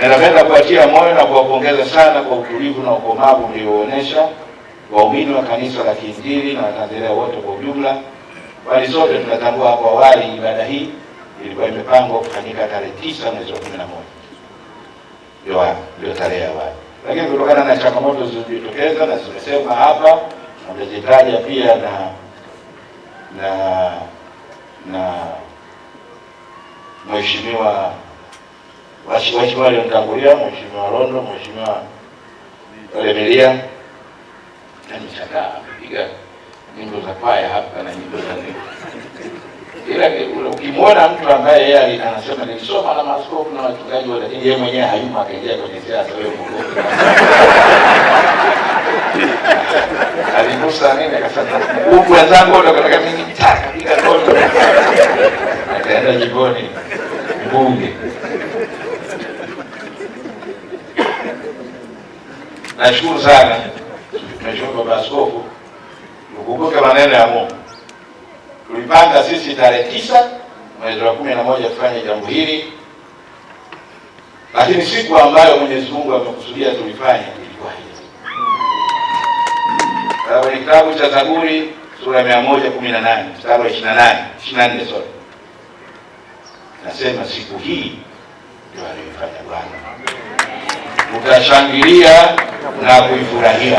na napenda kuwatia moyo na kuwapongeza sana kwa utulivu na ukomavu mlioonyesha waumini wa kanisa la Kiinjili na Watanzania wote kwa ujumla, kwani sote tunatambua hapo awali ibada hii ilikuwa imepangwa kufanyika tarehe tisa mwezi wa kumi na moja ndio tarehe ya awali, lakini kutokana na changamoto zilizojitokeza na zimesema hapa amezitaja pia na na na mheshimiwa Mheshimiwa aliyemtangulia Mheshimiwa Rondo, Mheshimiwa Lemelia nanichakaa amepiga nyimbo za kwaya hapa na nyimbo za ila ukimwona mtu ambaye yeye anasema nilisoma na maaskofu na wachungaji, lakini yeye mwenyewe hayumo, akaingia kwenye siasa. Wewe mko aligusa nini? Akasema huku wenzangu wote katika mimi nitaka piga ndoto, akaenda jiboni mbunge Nashukuru sana Mheshimiwa Baba Askofu, ukumbuke maneno ya Mungu. Tulipanga sisi tarehe tisa mwezi wa kumi na moja tufanye jambo hili, lakini siku ambayo Mwenyezi Mungu amekusudia tulifanye ilikuwa hii. Kwenye kitabu cha Zaburi sura ya mia moja kumi na nane mstari wa ishirini na nane ishirini na nne sorry, nasema siku hii ndio aliyoifanya Bwana, utashangilia la cultura